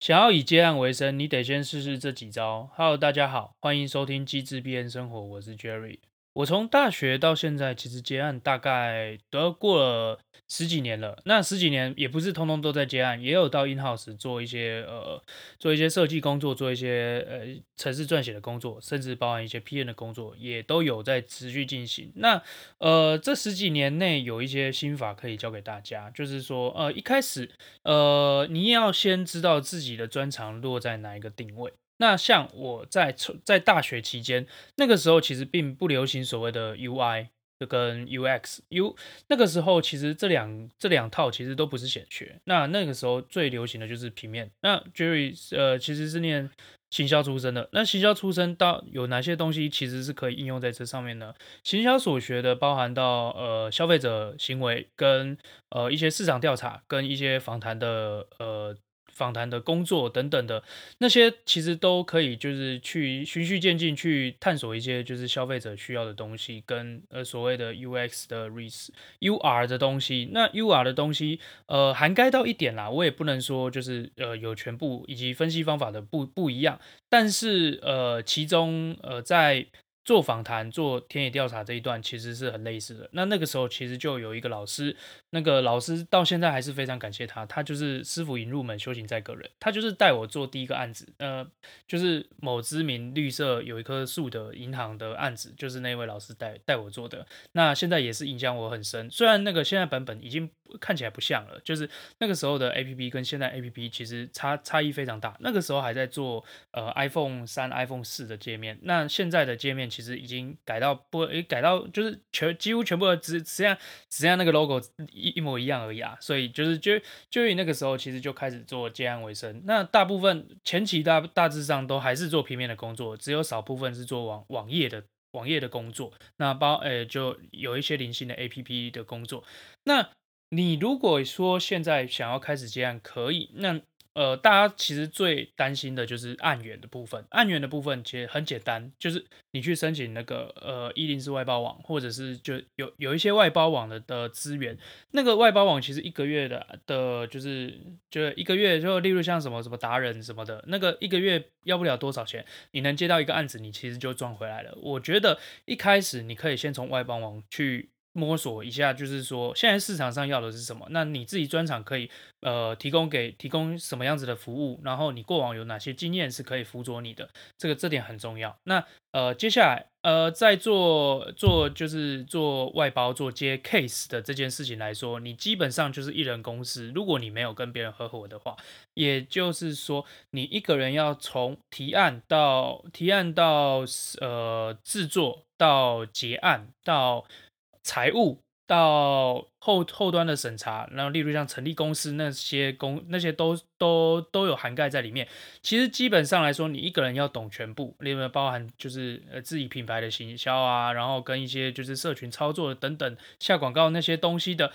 想要以接案為生，你得先試試這幾招。Hello，大家好，歡迎收聽《機智變生活》，我是 Jerry。我從大學到現在，其實接案大概都要過了十幾年了。那十幾年也不是通通都在接案，也有到 Inhouse 做一些呃做一些設計工作，做一些呃程式撰寫的工作，甚至包含一些 PM 的工作，也都有在持續進行。那呃這十幾年內有一些心法可以教給大家，就是說呃一開始呃你要先知道自己的專長落在哪一個定位。那像我在在大學期間，那個時候其實並不流行所謂的 UI 跟 UX。U 那個時候其實這兩這兩套其實都不是顯學。那那個時候最流行的就是平面。那 Jerry 呃其實是念行銷出身的。那行銷出身到有哪些東西其實是可以應用在這上面呢？行銷所學的包含到呃消費者行為跟呃一些市場調查跟一些訪談的呃。訪談的工作等等的那些，其實都可以，就是去循序漸進去探索一些，就是消費者需要的東西，跟呃所謂的 UX 的 UR 的東西。那 UR 的東西，呃，涵蓋到一點啦，我也不能說就是呃有全部以及分析方法的不不一樣，但是呃，其中呃在。做訪談、做田野調查這一段其實是很類似的。那那個時候其實就有一個老師，那個老師到現在還是非常感謝他。他就是師父引入門，修行在個人。他就是帶我做第一個案子，呃，就是某知名綠色有一棵樹的銀行的案子，就是那位老師帶帶我做的。那現在也是影響我很深。雖然那個現在版本本已經看起來不像了，就是那個時候的 APP 跟現在 APP 其實差差異非常大。那個時候還在做呃 iPhone 三、iPhone 四的界面，那現在的界面，其實已經改到不，改到就是全幾乎全部只、只要只要那個 logo 一一模一樣而已啊，所以就是就就以那個時候其實就開始做接案維生，那大部分前期大大致上都還是做平面的工作，只有少部分是做網網頁的網頁的工作，那包誒、欸、就有一些零星的 APP 的工作，那你如果說現在想要開始接案可以那。呃，大家其實最擔心的就是案源的部分。案源的部分其實很簡單，就是你去申請那個呃，104外包網，或者是就有有一些外包網的的資源。那個外包網其實一個月的的，就是就一個月就例如像什麼什麼達人什麼的，那個一個月要不了多少錢。你能接到一個案子，你其實就賺回來了。我覺得一開始你可以先從外包網去。摸索一下，就是說現在市場上要的是什麼？那你自己專長可以呃提供給提供什麼樣子的服務？然後你過往有哪些經驗是可以輔佐你的？這個這點很重要。那呃，接下來呃，在做做就是做外包、做接 case 的這件事情來說，你基本上就是一人公司。如果你沒有跟別人合夥的話，也就是說你一個人要從提案到提案到呃制作到結案到。財務到後後端的審查，然後例如像成立公司那些公那些都都都有涵蓋在裡面。其實基本上來說，你一個人要懂全部，另外包含就是呃自己品牌的行銷啊，然後跟一些就是社群操作等等，下廣告那些東西的。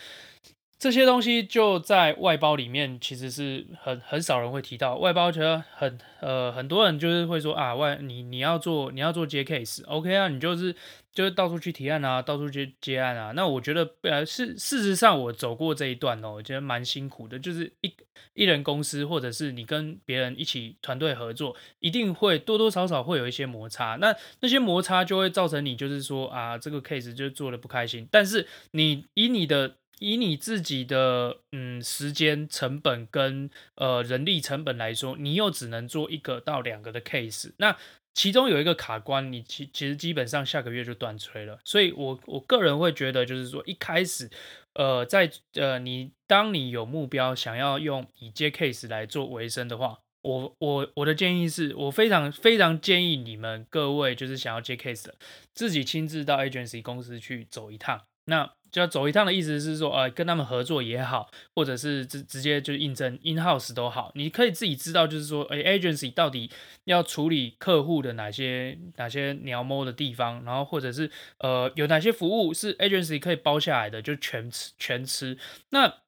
這些東西就在外包裡面，其實是很很少人會提到外包，其實很呃，很多人就是會說啊，外你你要做你要做接 case，OK、OK、啊，你就是就是到處去提案啊，到處去接，接案啊。那我覺得呃，事事實上我走過這一段哦、喔，我覺得蠻辛苦的，就是一一人公司或者是你跟別人一起團隊合作，一定會多多少少會有一些摩擦，那那些摩擦就會造成你就是說啊，這個 case 就做得不開心，但是你以你的以你自己的嗯時間成本跟呃人力成本來說，你又只能做一個到兩個的 case，那其中有一個卡關，你其其實基本上下個月就斷炊了。所以我，我我個人會覺得，就是說一開始，呃，在呃你當你有目標想要用以接 case 來做維生的話，我我我的建議是，我非常非常建議你們各位就是想要接 case 的，自己親自到 agency 公司去走一趟。那就要走一趟的意思是說，呃，跟他們合作也好，或者是直直接就應徵 in house 都好，你可以自己知道，就是說，欸，agency 到底要處理客戶的哪些哪些鳥摸的地方，然後或者是呃，有哪些服務是 agency 可以包下來的，就全吃全吃。那。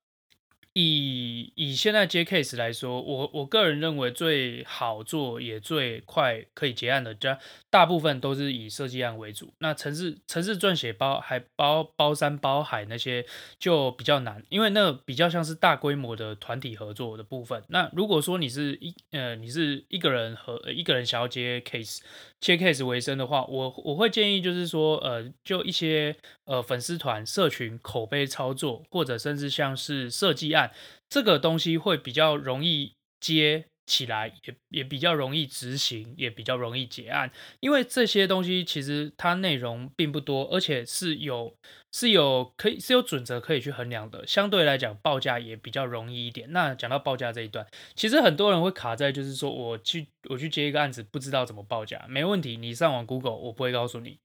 以以現在接 case 來說，我我個人認為最好做也最快可以結案的，大大部分都是以設計案為主。那程式、程式撰寫，包還包包山包海那些就比較難，因為那比較像是大規模的團體合作的部分。那如果說你是一呃你是一個人和、呃、一個人想要接 case 切 case 為生的話，我我會建議就是說呃就一些呃粉絲團社群口碑操作，或者甚至像是設計案。這個東西會比較容易接起來，也也比較容易執行，也比較容易結案，因為這些東西其實它內容並不多，而且是有。是有可以是有準則可以去衡量的，相對來講報價也比較容易一點。那講到報價這一段，其實很多人會卡在就是說我去我去接一個案子，不知道怎麼報價。沒問題，你上網 Google，我不會告訴你。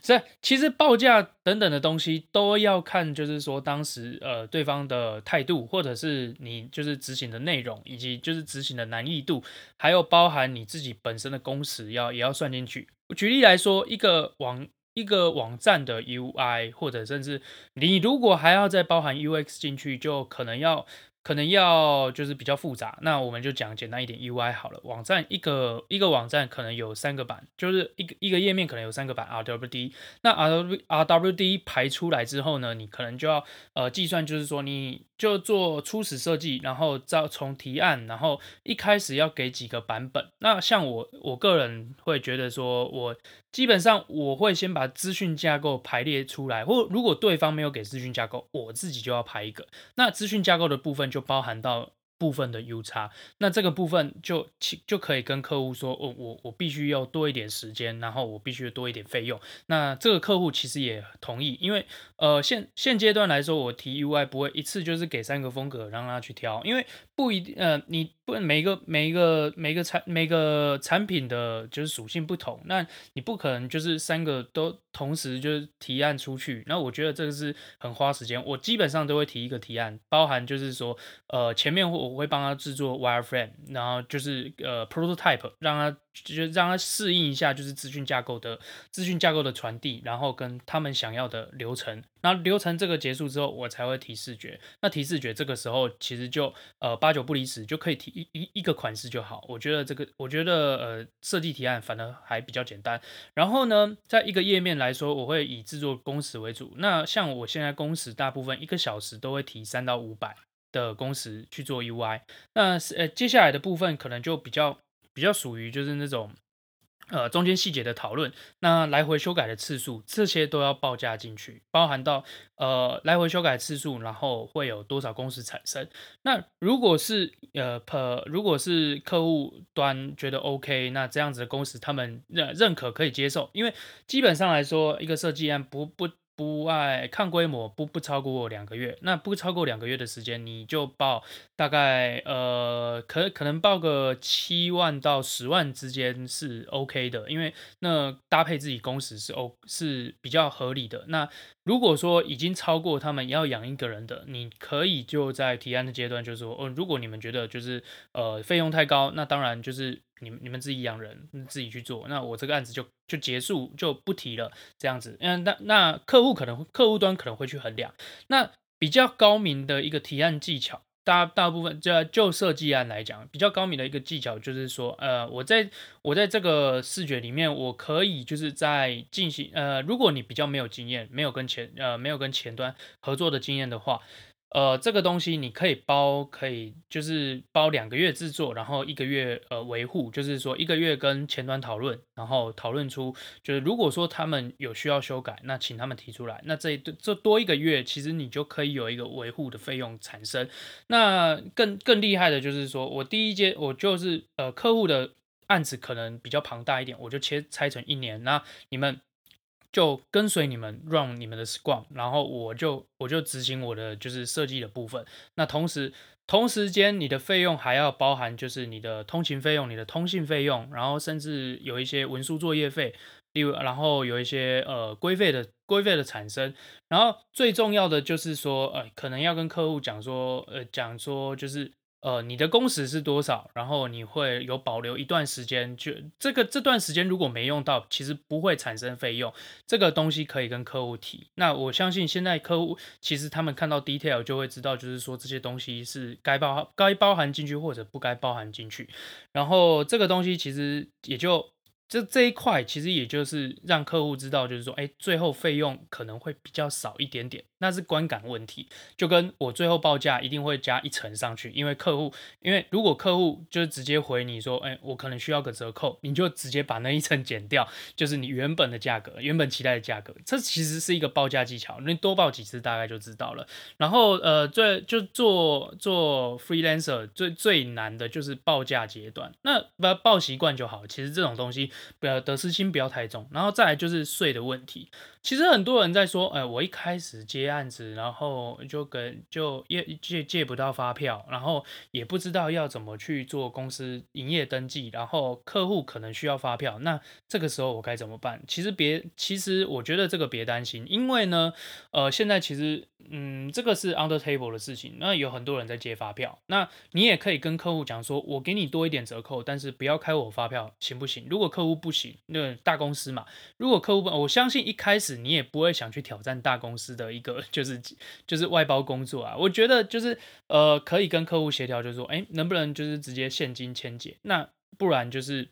所以，其實報價等等的東西都要看，就是說當時呃對方的態度，或者是你就是執行的內容，以及就是執行的難易度，還有包含你自己本身的工時要也要算進去。舉例來說，一個網。一個網站的 UI，或者甚至你如果還要再包含 UX 進去，就可能要。可能要就是比較複雜，那我們就講簡單一點，UI 好了。網站一個一個網站可能有三個版，就是一個一個頁面可能有三個版，RWD。那 R RWD 排出來之後呢，你可能就要呃計算，就是說你就做初始設計，然後照從提案，然後一開始要給幾個版本。那像我我個人會覺得說我，我基本上我會先把資訊架構排列出來，或如果對方沒有給資訊架構，我自己就要排一個。那資訊架構的部分。就包含到。部分的 UX，那這個部分就就就可以跟客戶說、哦、我我我必須要多一點時間，然後我必須多一點費用。那這個客戶其實也同意，因為呃現現階段來說，我提 UI 不會一次就是給三個風格讓他去挑，因為不一定呃你不每一個每一個每一個產每個產品的就是屬性不同，那你不可能就是三個都同時就是提案出去。那我覺得這個是很花時間，我基本上都會提一個提案，包含就是說呃前面我。我會幫他製作 wireframe，然後就是呃 prototype，讓他就讓他適應一下，就是資訊架構的資訊架構的傳遞，然後跟他們想要的流程。那流程這個結束之後，我才會提視覺。那提視覺這個時候其實就呃八九不離十，就可以提一一一個款式就好。我覺得這個我覺得呃設計提案反而還比較簡單。然後呢，在一個頁面來說，我會以製作工時為主。那像我現在工時大部分一個小時都會提三到五百，的工時去做 UI，那、欸、接下來的部分可能就比較比較屬於就是那種呃中間細節的討論，那來回修改的次數這些都要報價進去，包含到呃來回修改次數，然後會有多少工時產生？那如果是呃呃如果是客戶端覺得 OK，那這樣子的工時他們認認可可以接受，因為基本上來說一個設計案不不。不外看規模不，不不超過兩個月，那不超過兩個月的時間，你就報大概呃，可可能報個七萬到十萬之間是 OK 的，因為那搭配自己工時是 O 是比較合理的。那如果說已經超過他們要養一個人的，你可以就在提案的階段就說，哦，如果你們覺得就是呃費用太高，那當然就是。你們你們自己養人，自己去做，那我這個案子就就結束，就不提了，這樣子。嗯，那那客戶可能客戶端可能會去衡量。那比較高明的一個提案技巧，大大部分就就設計案來講，比較高明的一個技巧就是說，呃，我在我在這個視覺裡面，我可以就是在進行，呃，如果你比較沒有經驗，沒有跟前，呃，沒有跟前端合作的經驗的話。呃，這個東西你可以包，可以就是包兩個月制作，然後一個月呃維護，就是說一個月跟前端討論，然後討論出，就是如果說他們有需要修改，那請他們提出來，那這這多一個月，其實你就可以有一個維護的費用產生。那更更厲害的就是說，我第一階我就是呃客戶的案子可能比較龐大一點，我就切拆成一年。那你們。就跟隨你們 run 你們的 Scrum，然後我就我就執行我的就是設計的部分。那同時同時間，你的費用還要包含就是你的通勤費用、你的通信費用，然後甚至有一些文書作業費，例如然後有一些呃規費的規費的產生。然後最重要的就是說呃，可能要跟客戶講說呃講說就是。呃，你的工時是多少？然後你會有保留一段時間，就這個這段時間如果沒用到，其實不會產生費用。這個東西可以跟客戶提。那我相信現在客戶其實他們看到 detail 就會知道，就是說，這些東西是該包、該包含進去或者不該包含進去。然後這個東西其實也就這這一塊，其實也就是讓客戶知道，就是說，哎，最後費用可能會比較少一點點。那是觀感問題，就跟我最後報價一定會加一層上去，因為客戶，因為如果客戶就是直接回你說，哎、欸，我可能需要個折扣，你就直接把那一層減掉，就是你原本的價格，原本期待的價格，這其實是一個報價技巧，你多報幾次大概就知道了。然後，呃，最就，就做做 freelancer 最最難的就是報價階段，那不要報習慣就好，其實這種東西不要得失心不要太重。然後再來就是稅的問題，其實很多人在說，哎、欸，我一開始接、啊。案子，然後就跟就也借借不到發票，然後也不知道要怎麼去做公司營業登記，然後客戶可能需要發票，那這個時候我該怎麼辦？其實別，其實我覺得這個別擔心，因為呢，呃，現在其實嗯，這個是 under table 的事情，那有很多人在借發票，那你也可以跟客戶講說，我給你多一點折扣，但是不要開我發票，行不行？如果客戶不行，那大公司嘛，如果客戶不，我相信一開始你也不會想去挑戰大公司的一個。就是就是外包工作啊，我覺得就是呃，可以跟客戶協調就是，就說哎，能不能就是直接現金簽結？那不然就是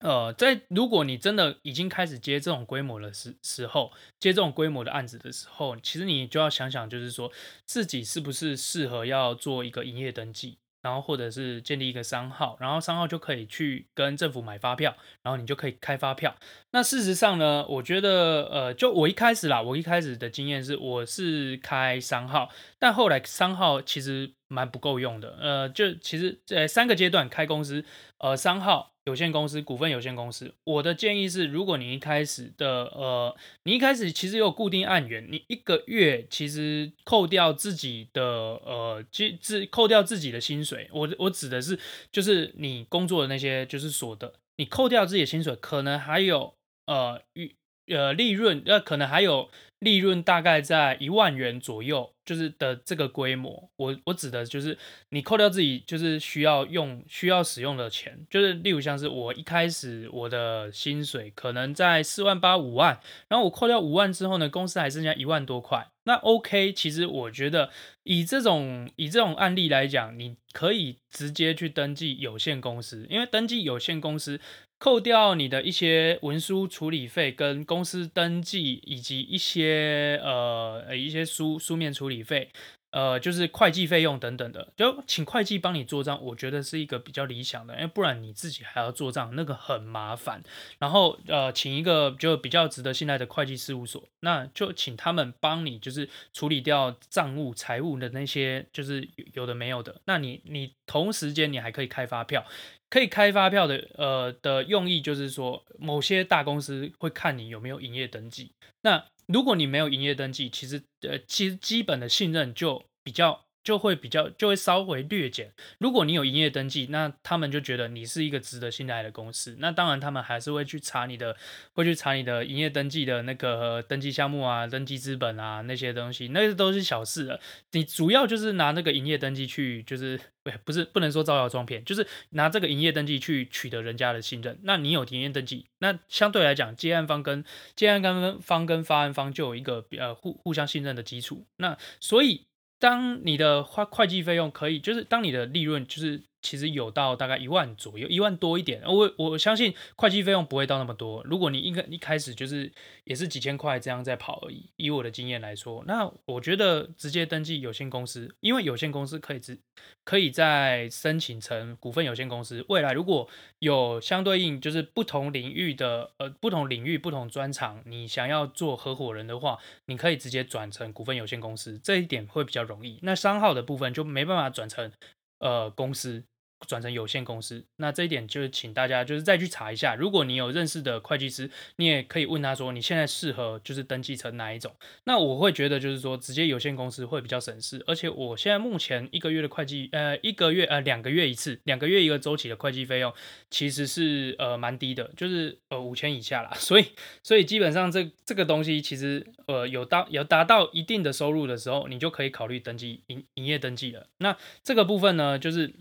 呃，在如果你真的已經開始接這種規模的時時候，接這種規模的案子的時候，其實你就要想想，就是說自己是不是適合要做一個營業登記。然後或者是建立一個商號，然後商號就可以去跟政府買發票，然後你就可以開發票。那事實上呢，我覺得呃，就我一開始啦，我一開始的經驗是我是開商號，但後來商號其實。蠻不夠用的，呃，就其實這三個階段開公司，呃，商號有限公司、股份有限公司。我的建議是，如果你一開始的，呃，你一開始其實有固定案源，你一個月其實扣掉自己的，呃，去自扣掉自己的薪水。我我指的是，就是你工作的那些就是所得，你扣掉自己的薪水，可能還有呃利呃利潤，呃，可能還有。利潤大概在一萬元左右，就是的這個規模。我我指的就是你扣掉自己就是需要用需要使用的錢，就是例如像是我一開始我的薪水可能在四萬八、五萬，然後我扣掉五萬之後呢，公司還剩下一萬多塊。那 OK，其實我覺得以這種以這種案例來講，你可以直接去登記有限公司，因為登記有限公司。扣掉你的一些文書處理費、跟公司登記以及一些呃一些書書面處理費，呃就是會計費用等等的，就請會計幫你做賬，我覺得是一個比較理想的，因為不然你自己還要做賬，那個很麻煩。然後呃請一個就比較值得信賴的會計事務所，那就請他們幫你就是處理掉賬務財務的那些就是有的沒有的。那你你同時間你還可以開發票。可以開發票的，呃的用意就是說，某些大公司會看你有沒有營業登記。那如果你沒有營業登記，其實呃，其實基本的信任就比較。就會比較就會稍微略減。如果你有營業登記，那他們就覺得你是一個值得信賴的公司。那當然，他們還是會去查你的，會去查你的營業登記的那個登記項目啊、登記資本啊那些東西，那些、個、都是小事的。你主要就是拿那個營業登記去，就是不是不能說招搖撞騙，就是拿這個營業登記去取得人家的信任。那你有營業登記，那相對來講，接案方跟接案跟方跟發案方就有一個比呃互互相信任的基礎。那所以。當你的花會計費用可以，就是當你的利潤就是。其實有到大概一萬左右，一萬多一點。我我相信會計費用不會到那麼多。如果你應該一開始就是也是幾千塊這樣在跑而已。以我的經驗來說，那我覺得直接登記有限公司，因為有限公司可以直可以再申請成股份有限公司。未來如果有相對應就是不同領域的呃不同領域不同專長，你想要做合夥人的話，你可以直接轉成股份有限公司，這一點會比較容易。那商號的部分就沒辦法轉成。呃，公司。轉成有限公司，那這一點就是請大家就是再去查一下。如果你有認識的會計師，你也可以問他說你現在適合就是登記成哪一種。那我會覺得就是說直接有限公司會比較省事，而且我現在目前一個月的會計呃一個月呃兩個月一次，兩個月一個周期的會計費用其實是呃蠻低的，就是呃五千以下啦。所以所以基本上這這個東西其實呃有到有達到一定的收入的時候，你就可以考慮登記營營業登記了。那這個部分呢就是。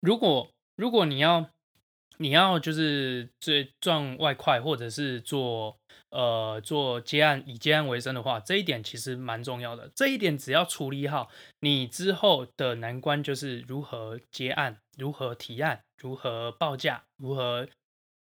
如果，如果你要，你要就是最賺外快，或者是做呃做接案，以接案為生的話，這一點其實蠻重要的。這一點只要處理好，你之後的難關就是如何接案、如何提案、如何報價、如何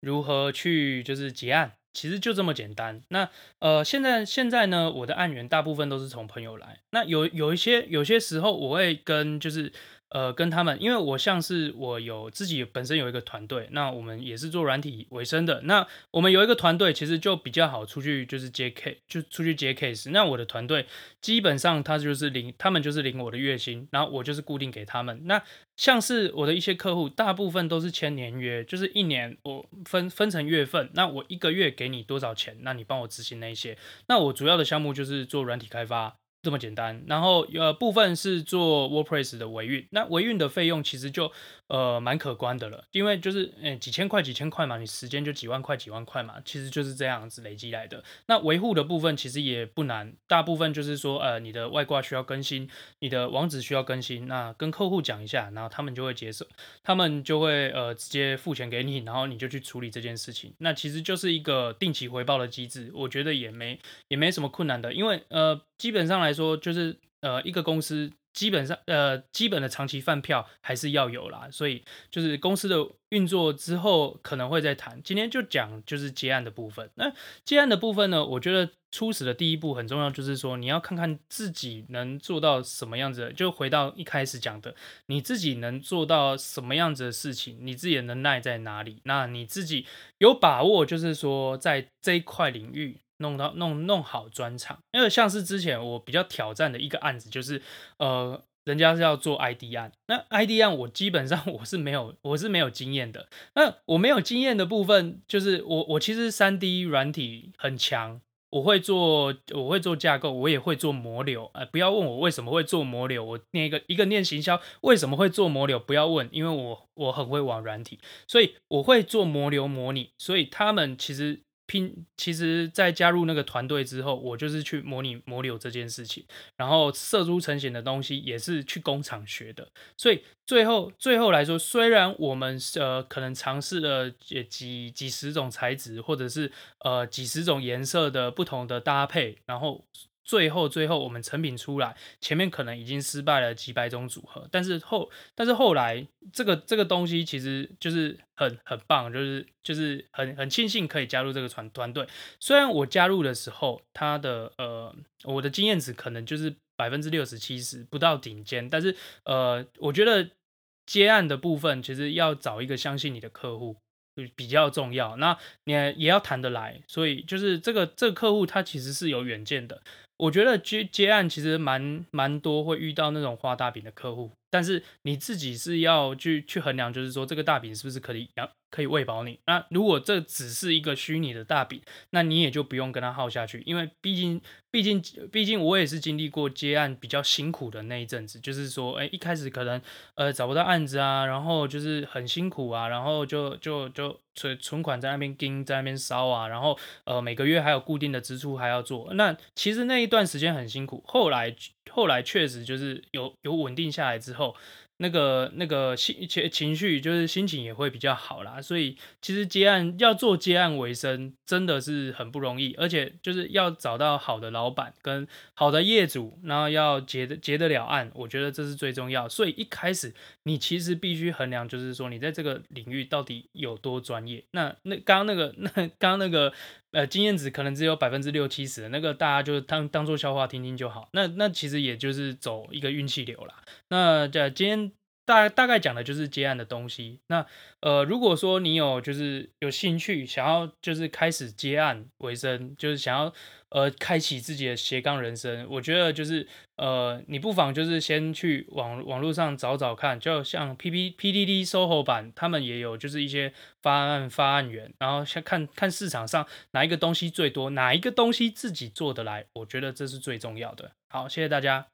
如何去就是結案，其實就這麼簡單。那呃現在現在呢，我的案源大部分都是從朋友來。那有有一些有些時候我會跟就是。呃，跟他們，因為我像是我有自己本身有一個團隊，那我們也是做軟體為生的。那我們有一個團隊，其實就比較好出去，就是接 case，就出去接 case。那我的團隊基本上他就是領，他們就是領我的月薪，然後我就是固定給他們。那像是我的一些客戶，大部分都是簽年約，就是一年我分分成月份，那我一個月給你多少錢，那你幫我執行那些。那我主要的項目就是做軟體開發。這麼簡單，然後呃部分是做 WordPress 的維運，那維運的費用其實就。呃，蠻可觀的了，因為就是，嗯，幾千塊幾千塊嘛，你時間就幾萬塊幾萬塊嘛，其實就是這樣子累積來的。那維護的部分其實也不難，大部分就是說，呃，你的外掛需要更新，你的網址需要更新，那跟客戶講一下，然後他們就會接受，他們就會呃直接付錢給你，然後你就去處理這件事情。那其實就是一個定期回報的機制，我覺得也沒也沒什麼困難的，因為呃，基本上來說就是呃一個公司。基本上，呃，基本的長期飯票還是要有啦，所以就是公司的運作之後可能會再談。今天就講就是接案的部分。那接案的部分呢，我覺得初始的第一步很重要，就是說你要看看自己能做到什麼樣子。就回到一開始講的，你自己能做到什麼樣子的事情，你自己的能耐在哪裡？那你自己有把握，就是說在這一塊領域。弄到弄弄好專場，因為像是之前我比較挑戰的一個案子，就是呃，人家是要做 ID 案，那 ID 案我基本上我是沒有我是沒有經驗的。那我沒有經驗的部分，就是我我其實 3D 軟體很強，我會做我會做架構，我也會做模流。呃，不要問我為什麼會做模流，我念一個一個念行銷為什麼會做模流，不要問，因為我我很會玩軟體，所以我會做模流模擬，所以他們其實。拼其實，在加入那個團隊之後，我就是去模擬模流這件事情，然後射出成型的東西也是去工廠學的。所以最後最後來說，雖然我們呃可能嘗試了也幾幾十種材質，或者是呃幾十種顏色的不同的搭配，然後。最後，最後我們成品出來，前面可能已經失敗了幾百種組合，但是後，但是後來這個這個東西其實就是很很棒，就是就是很很慶幸可以加入這個團團隊。雖然我加入的時候，他的呃我的經驗值可能就是百分之六十七十不到頂尖，但是呃我覺得接案的部分其實要找一個相信你的客戶就比較重要，那你也要談得來，所以就是這個這個客戶他其實是有遠見的。我覺得接接案其實蠻蠻多，會遇到那種畫大餅的客戶，但是你自己是要去去衡量，就是說這個大餅是不是可以養，可以餵飽你。那、啊，如果這只是一個虛擬的大餅，那你也就不用跟他耗下去，因為畢竟、畢竟、畢竟，我也是經歷過接案比較辛苦的那一陣子，就是說，哎、欸，一開始可能呃找不到案子啊，然後就是很辛苦啊，然後就就就存存款在那邊盯，在那邊燒啊，然後呃每個月還有固定的支出還要做，那其實那一段時間很辛苦。後來後來確實就是有有穩定下來之後。那個那個心情情緒就是心情也會比較好啦，所以其實接案要做接案為生真的是很不容易，而且就是要找到好的老闆跟好的業主，然後要結的結得了案，我覺得這是最重要。所以一開始你其實必須衡量，就是說你在這個領域到底有多專業。那那剛剛那個那剛剛那個。那剛那個呃，經驗值可能只有百分之六七十，那個大家就當當做笑話聽聽就好。那那其實也就是走一個運氣流啦。那這今天。大大概講的就是接案的東西。那呃，如果說你有就是有興趣，想要就是開始接案為生，就是想要呃開啟自己的斜槓人生，我覺得就是呃，你不妨就是先去網網路上找找看，就像 P P PTT Soho 版，他們也有就是一些發案發案員，然後先看看市場上哪一個東西最多，哪一個東西自己做得來，我覺得這是最重要的。好，謝謝大家。